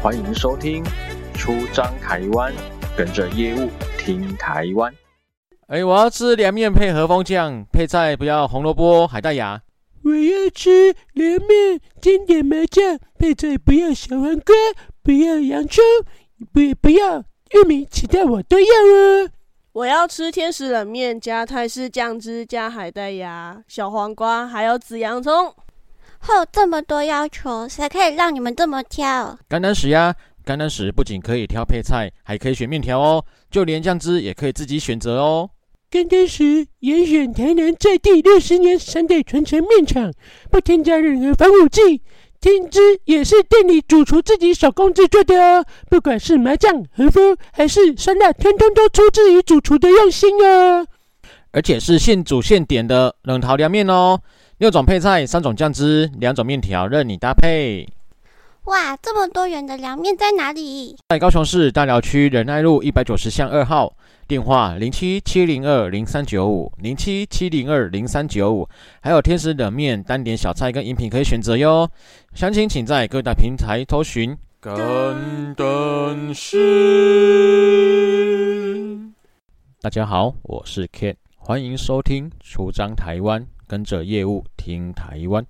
歡迎收聽《出張台灣》，跟着業務聽台灣。欸、我要吃涼麵配和風醬，配菜不要紅蘿蔔、海帶芽。我要吃涼麵，經典麻醬，配菜不要小黃瓜，不要洋蔥，不要不要玉米，其他我都要啊、哦！我要吃天使冷麵，加泰式醬汁，加海帶芽、小黃瓜，還有紫洋蔥。還有這麼多要求，誰可以讓你們這麼挑？啊。甘丹食呀，甘丹食不僅可以挑配菜，還可以選麵條哦，就連醬汁也可以自己選擇哦。甘丹食嚴選台南在地六十年三代傳承麵廠，不添加任何防腐劑。醬汁也是店裡主廚自己手工制作的哦。不管是麻醬、和風還是酸辣，通通都出自於主廚的用心哦。而且是現煮現點的冷淘涼麵哦。六種配菜、三種醬汁、兩種麵條，任你搭配。哇，這麼多元的涼麵在哪裡？在高雄市大寮區仁愛路一百九十巷二號。電話零七七零二零三九五零七七零二零三九五。95, 95, 還有天使冷麵單點小菜跟飲品可以選擇喲。詳情請在各大平台搜尋。甘丹食。大家好，我是 Ken，歡迎收聽《出張台灣》。跟着業務聽台灣。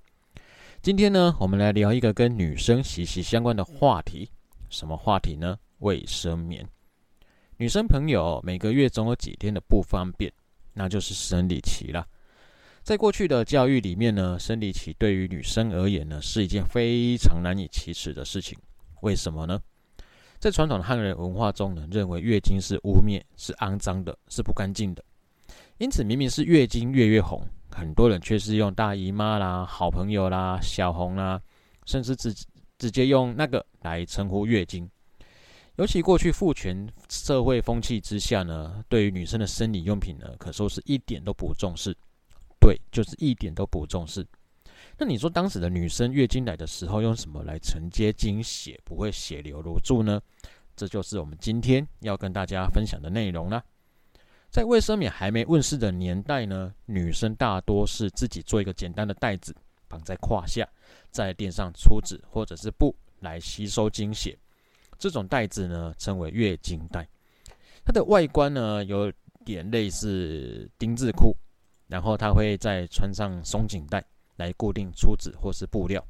今天呢，我們來聊一個跟女生息息相關的話題。什麼話題呢？衛生棉。女生朋友每個月總有幾天的不方便，那就是生理期啦。在過去的教育裡面呢，生理期對於女生而言呢，是一件非常難以啟齒的事情。為什麼呢？在傳統的漢人文化中呢，認為月經是污衊，是骯髒的，是不乾淨的。因此，明明是月經，月月紅。很多人卻是用大姨媽啦、好朋友啦、小紅啦，甚至直直接用那個來稱呼月經。尤其過去父權社會風氣之下呢，對於女生的生理用品呢，可說是一點都不重視。對，就是一點都不重視。那你說當時的女生月經來的時候用什麼來承接經血，不會血流如注呢？這就是我們今天要跟大家分享的內容啦。在衛生棉還沒問世的年代呢，女生大多是自己做一個簡單的袋子，綁在胯下，再墊上粗紙或者是布來吸收經血。這種袋子呢稱為月經袋，它的外觀呢有點類似丁字褲，然後它會再穿上鬆緊帶來固定粗紙或是布料。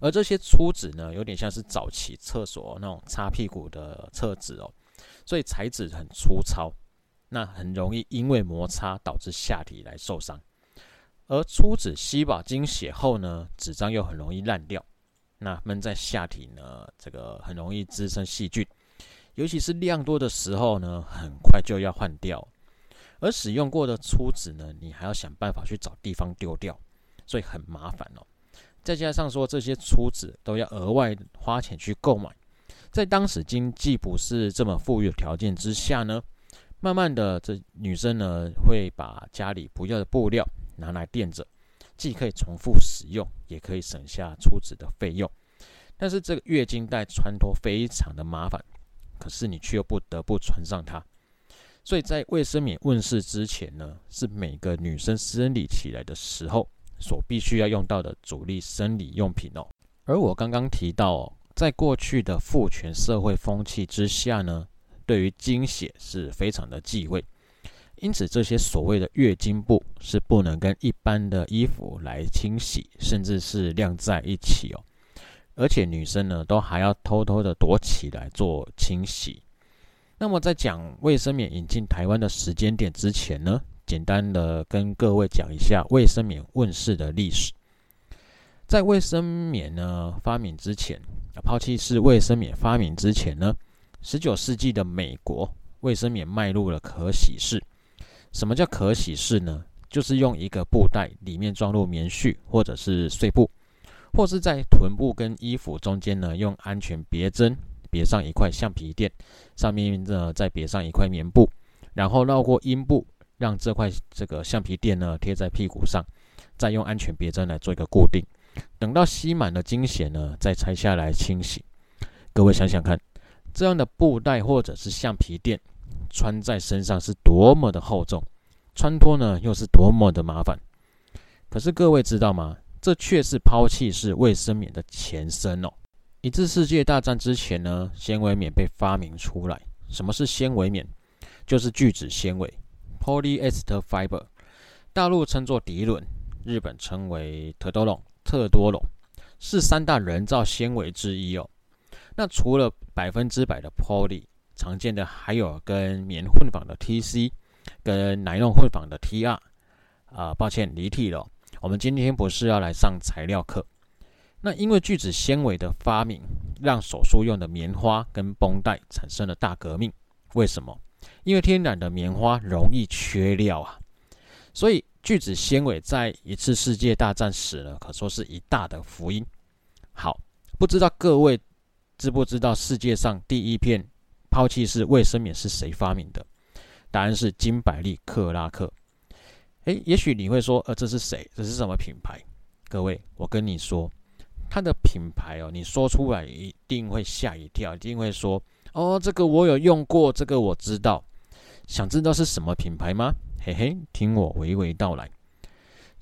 而這些粗紙呢，有點像是早期廁所那種擦屁股的廁紙哦，所以材質很粗糙。那很容易因為摩擦導致下體來受傷，而粗紙吸飽經血後呢，紙張又很容易爛掉。那悶在下體呢，這個很容易滋生細菌，尤其是量多的時候呢，很快就要換掉。而使用過的粗紙呢，你還要想辦法去找地方丟掉，所以很麻煩哦。再加上說這些粗紙都要額外花錢去購買，在當時經濟不是這麼富裕的條件之下呢。慢慢的，這女生呢會把家裡不要的布料拿來墊着，既可以重複使用，也可以省下出紙的費用。但是這個月經帶穿脫非常的麻煩，可是你卻又不得不穿上它。所以在衛生棉問世之前呢，是每個女生生理起來的時候所必須要用到的主力生理用品哦。而我剛剛提到哦，在過去的父權社會風氣之下呢，對於經血是非常的忌諱，因此這些所謂的月經布是不能跟一般的衣服來清洗，甚至是晾在一起哦。而且女生呢，都還要偷偷的躲起來做清洗。那麼在講衛生棉引進台灣的時間點之前呢，簡單的跟各位講一下衛生棉問世的歷史。在衛生棉呢發明之前，啊，拋棄式衛生棉發明之前呢。十九世紀的美國衛生棉邁入了可洗式。什麼叫可洗式呢？就是用一個布袋，裡面裝入棉絮或者是碎布，或是在臀部跟衣服中間呢，用安全別針別上一塊橡皮墊，上面呢再別上一塊棉布，然後繞過陰部，讓這塊這個橡皮墊呢貼在屁股上，再用安全別針來做一個固定。等到吸滿了經血呢，再拆下來清洗。各位想想看。這樣的布袋或者是橡皮墊，穿在身上是多麼的厚重，穿脫呢又是多麼的麻煩。可是各位知道嗎？這卻是拋棄式衛生棉的前身哦。一次世界大戰之前呢，纖維棉被發明出來。什麼是纖維棉？就是聚酯纖維 （polyester fiber），大陸稱作滌綸，日本稱為特多隆，特多隆（特多隆）是三大人造纖維之一哦。那除了百分之百的 poly，常見的還有跟棉混紡的 TC，跟奶用混紡的 TR。啊、呃，抱歉離題了，我們今天不是要來上材料課。那因為聚酯纖維的發明，讓手術用的棉花跟繃帶產生了大革命。為什麼？因為天然的棉花容易缺料啊。所以聚酯纖維在一次世界大戰時呢，可說是一大的福音。好，不知道各位。知不知道世界上第一片拋棄式衛生棉是誰發明的？答案是金百利克拉克。誒，也許你會說，呃，這是誰？這是什麼品牌？各位，我跟你說，它的品牌哦，你說出來一定會嚇一跳，一定會說，哦，這個我有用過，這個我知道。想知道是什麼品牌嗎？嘿嘿，聽我娓娓道來。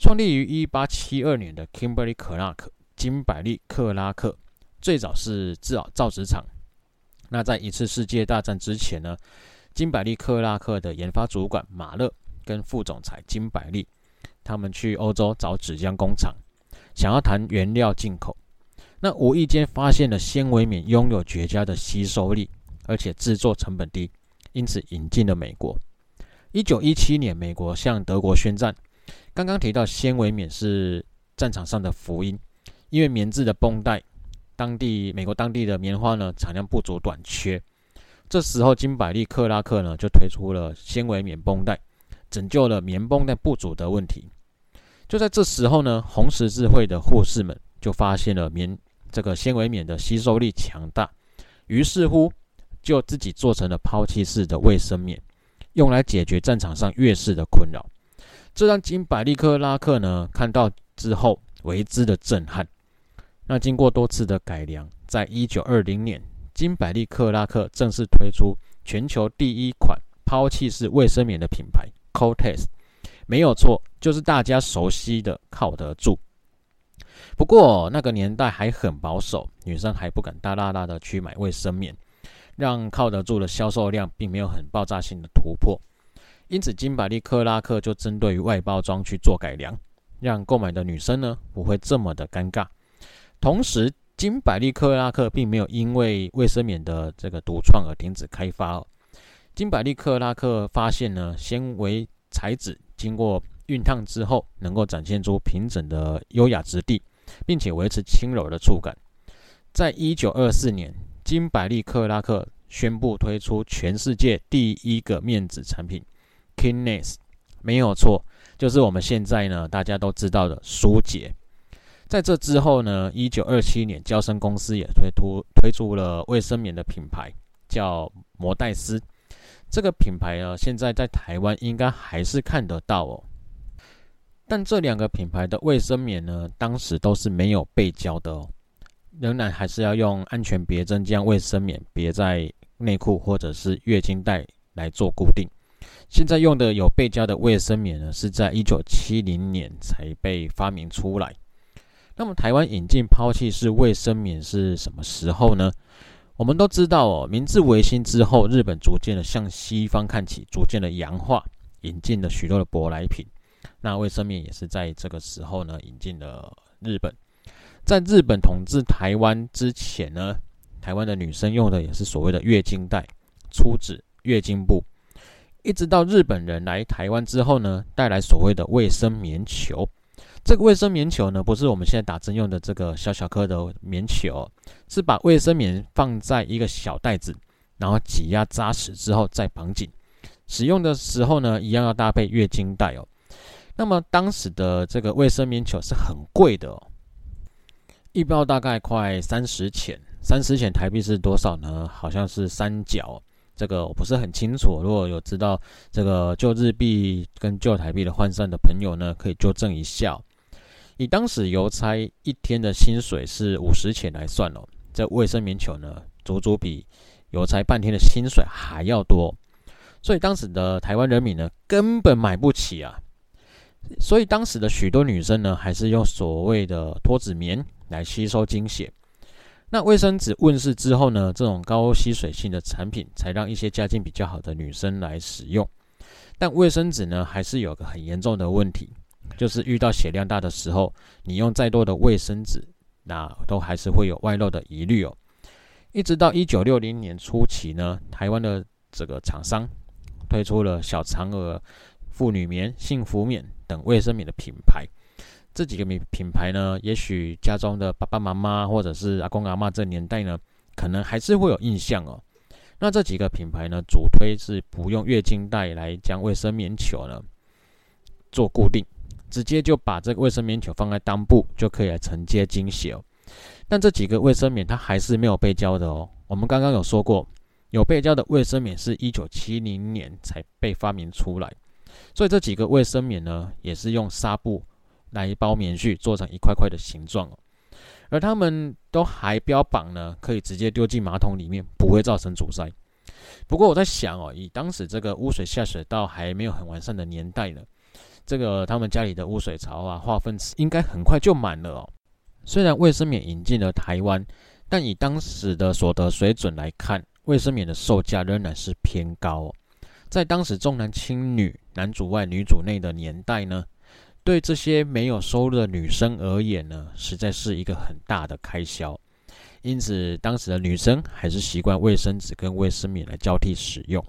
創立於一八七二年的 Kimberly Clark，金百利克拉克。最早是製造造紙廠。那在一次世界大戰之前呢，金百利克拉克的研發主管馬勒跟副總裁金百利，他們去歐洲找紙漿工廠，想要談原料進口。那無意間發現了纖維棉擁有絕佳的吸收力，而且製作成本低，因此引進了美國。一九一七年，美國向德國宣戰。剛剛提到纖維棉是戰場上的福音，因為棉質的繃帶。當地，美國當地的棉花呢產量不足短缺。這時候金百利克拉克呢就推出了纖維棉繃帶，拯救了棉繃帶不足的問題。就在這時候呢，紅十字會的護士們就發現了棉這個纖維棉的吸收力強大，於是乎就自己做成了拋棄式的衛生棉，用來解決戰場上月事的困擾。這讓金百利克拉克呢看到之後為之的震撼。那經過多次的改良，在一九二零年，金百利克拉克正式推出全球第一款拋棄式衛生棉的品牌 ——Kotex。沒有錯，就是大家熟悉的靠得住。不過那個年代還很保守，女生還不敢大大大的去買衛生棉，讓靠得住的銷售量並沒有很爆炸性的突破。因此，金百利克拉克就針對於外包裝去做改良，讓購買的女生呢不會這麼的尷尬。同時，金百利克拉克並沒有因為衛生棉的這個獨創而停止開發哦。金百利克拉克發現呢，纖維材質經過熨燙之後，能夠展現出平整的優雅質地，並且維持輕柔的觸感。在一九二四年，金百利克拉克宣布推出全世界第一個面紙產品，Kleenex，沒有錯，就是我們現在呢大家都知道的舒潔。書在這之後呢，一九二七年，嬌生公司也推出推出了衛生棉的品牌，叫摩黛絲。這個品牌呢，現在在台灣應該還是看得到哦。但這兩個品牌的衛生棉呢，當時都是沒有背膠的哦，仍然還是要用安全別針將衛生棉別在內褲或者是月經帶來做固定。現在用的有背膠的衛生棉呢，是在一九七零年才被發明出來。那麼台灣引進拋棄式衛生棉是什麼時候呢？我們都知道哦，明治維新之後，日本逐漸的向西方看齊，逐漸的洋化，引進了許多的舶來品。那衛生棉也是在這個時候呢引進了日本，在日本統治台灣之前呢，台灣的女生用的也是所謂的月經帶、粗紙、月經布，一直到日本人來台灣之後呢，帶來所謂的衛生棉球。這個衛生棉球呢，不是我們現在打針用的這個小小顆的棉球哦，是把衛生棉放在一個小袋子，然後擠壓紮實之後再綁緊。使用的時候呢，一樣要搭配月經帶哦。那麼當時的這個衛生棉球是很貴的哦。一包大概快三十錢，三十錢台幣是多少呢？好像是三角，這個我不是很清楚。如果有知道這個舊日幣跟舊台幣的換算的朋友呢，可以糾正一下哦。以當時郵差一天的薪水是五十錢來算哦，這衛生棉球呢，足足比郵差半天的薪水還要多哦。所以當時的台灣人民呢，根本買不起啊。所以當時的許多女生呢，還是用所謂的脫脂棉來吸收經血。那衛生紙問世之後呢，這種高吸水性的產品才讓一些家境比較好的女生來使用。但衛生紙呢，還是有個很嚴重的問題。就是遇到血量大的時候，你用再多的衛生紙，那都還是會有外漏的疑慮哦。一直到一九六零年初期呢，台灣的這個廠商推出了小嫦娥、婦女棉、幸福棉等衛生棉的品牌。這幾個名品牌呢，也許家中的爸爸媽媽或者是阿公阿嬤這年代呢，可能還是會有印象哦。那這幾個品牌呢，主推是不用月經帶來將衛生棉球呢做固定。直接就把這個衛生棉球放在襠部就可以來承接經血哦。但這幾個衛生棉它還是沒有背膠的哦。我們剛剛有說過，有背膠的衛生棉是一九七零年才被發明出來，所以這幾個衛生棉呢，也是用紗布來包棉絮做成一塊塊的形狀哦。而他們都還標榜呢，可以直接丟進馬桶裡面，不會造成阻塞。不過我在想哦，以當時這個污水下水道還沒有很完善的年代呢。這個他們家裡的污水槽啊，化糞池應該很快就滿了哦。雖然衛生棉引進了台灣，但以當時的所得水準來看，衛生棉的售價仍然是偏高哦。在當時重男輕女、男主外女主內的年代呢，對這些沒有收入的女生而言呢，實在是一個很大的開銷。因此，當時的女生還是習慣衛生紙跟衛生棉來交替使用。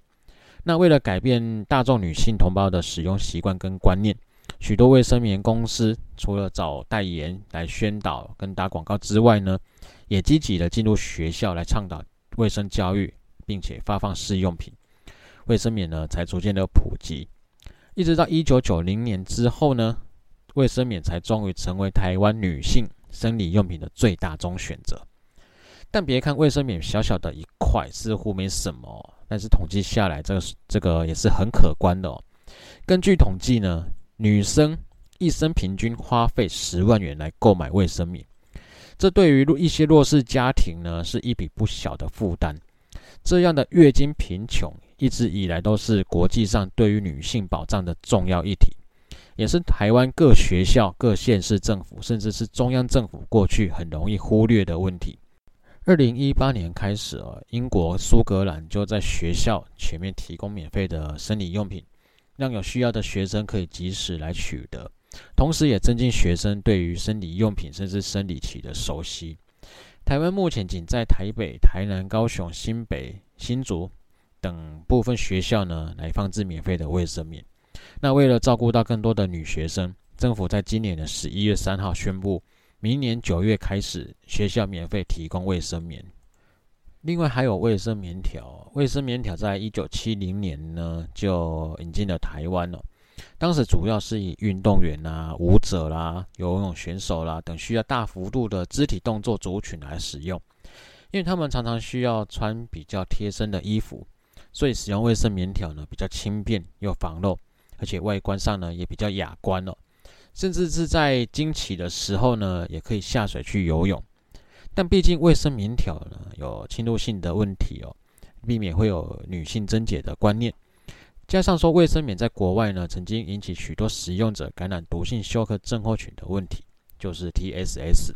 那為了改變大眾女性同胞的使用習慣跟觀念，許多衛生棉公司除了找代言來宣導跟打廣告之外呢，也積極的進入學校來倡導衛生教育，並且發放試用品，衛生棉呢才逐漸的普及，一直到一九九零年之後呢，衛生棉才終於成為台灣女性生理用品的最大宗選擇。但別看衛生棉小小的一塊，似乎沒什麼、哦。但是統計下來，這個這個也是很可觀的哦。根據統計呢，女生一生平均花費十萬元來購買衛生棉，這對於一些弱勢家庭呢，是一筆不小的負擔。這樣的月經貧窮一直以來都是國際上對於女性保障的重要議題，也是台灣各學校、各縣市政府，甚至是中央政府過去很容易忽略的問題。二零一八年開始啊，英國蘇格蘭就在學校全面提供免費的生理用品，讓有需要的學生可以及時來取得，同時也增進學生對於生理用品甚至生理期的熟悉。台灣目前僅在台北、台南、高雄、新北、新竹等部分學校呢，來放置免費的衛生棉。那為了照顧到更多的女學生，政府在今年的十一月三號宣布。明年九月開始，學校免費提供衛生棉。另外還有衛生棉條。衛生棉條在一九七零年呢就引進了臺灣了，哦。當時主要是以運動員啦、啊、舞者啦、游泳選手啦等需要大幅度的肢體動作族群來使用，因為他們常常需要穿比較貼身的衣服，所以使用衛生棉條呢比較輕便又防漏，而且外觀上呢也比較雅觀了，哦。甚至是在經期的時候呢，也可以下水去游泳，但畢竟衛生棉條呢有侵入性的問題哦，避免會有女性貞潔的觀念。加上說衛生棉在國外呢，曾經引起許多使用者感染毒性休克症候群的問題，就是 TSS，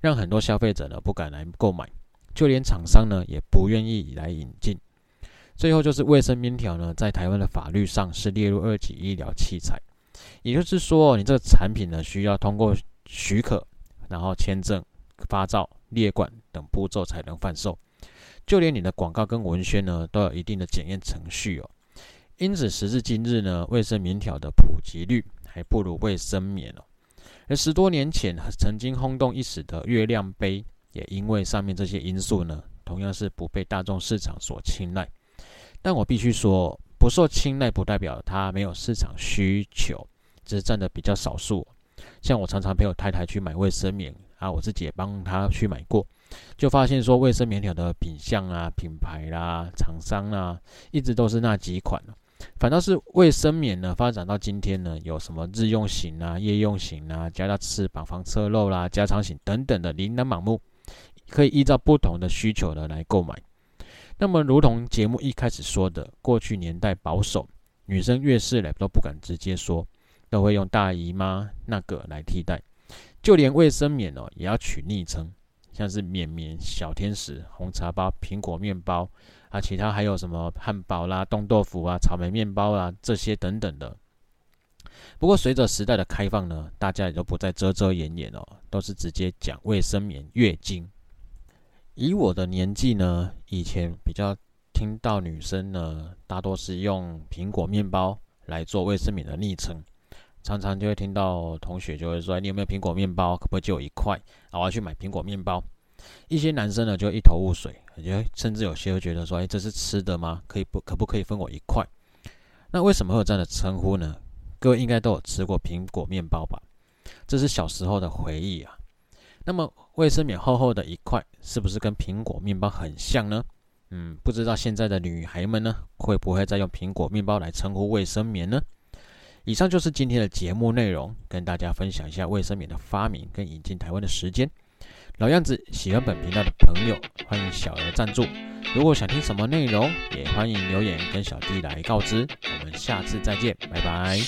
讓很多消費者呢不敢來購買，就連廠商呢也不願意來引進。最後就是衛生棉條呢，在台灣的法律上是列入二級醫療器材。也就是說，你這個產品呢，需要通過許可、然後簽證、發照、列管等步驟才能販售，就連你的廣告跟文宣呢，都有一定的檢驗程序哦。因此，時至今日呢，衛生棉條的普及率還不如衛生棉哦。而十多年前曾經轟動一時的月亮杯，也因為上面這些因素呢，同樣是不被大眾市場所青睞。但我必須說，不受青睞不代表它沒有市場需求。只是佔的比較少數，像我常常陪我太太去買衛生棉啊，我自己也幫她去買過，就發現說衛生棉條的品項啊、品牌啦、啊、廠商啦、啊，一直都是那幾款啊。反倒是衛生棉呢，發展到今天呢，有什麼日用型啊、夜用型啊、加大翅膀防側漏啦、加長型等等的琳琅滿目，可以依照不同的需求的來購買。那麼，如同節目一開始說的，過去年代保守，女生月事來都不敢直接說。都會用大姨媽那個來替代，就連衛生棉哦，也要取昵稱，像是棉棉、小天使、紅茶包、蘋果麵包啊，其他還有什麼漢堡啦、凍豆腐啊、草莓麵包啊這些等等的。不過隨着時代的開放呢，大家也都不再遮遮掩掩哦，都是直接講衛生棉月經。以我的年紀呢，以前比較聽到女生呢，大多是用蘋果麵包來做衛生棉的昵稱。常常就會聽到同學就會說，你有沒有蘋果麵包？可不可以借我一塊？我要去買蘋果麵包。一些男生呢就一頭霧水，也甚至有些會覺得說，誒，這是吃的嗎？可以不可不可以分我一塊？那為什麼會有這樣的稱呼呢？各位應該都有吃過蘋果麵包吧？這是小時候的回憶啊。那麼衛生棉厚厚的一塊，是不是跟蘋果麵包很像呢？嗯，不知道現在的女孩們呢會不會再用蘋果麵包來稱呼衛生棉呢？以上就是今天的節目內容，跟大家分享一下衛生棉的發明跟引進台灣的時間。老樣子，喜歡本頻道的朋友，歡迎小額贊助。如果想聽什麼內容，也歡迎留言跟小弟來告知。我們下次再見，拜拜。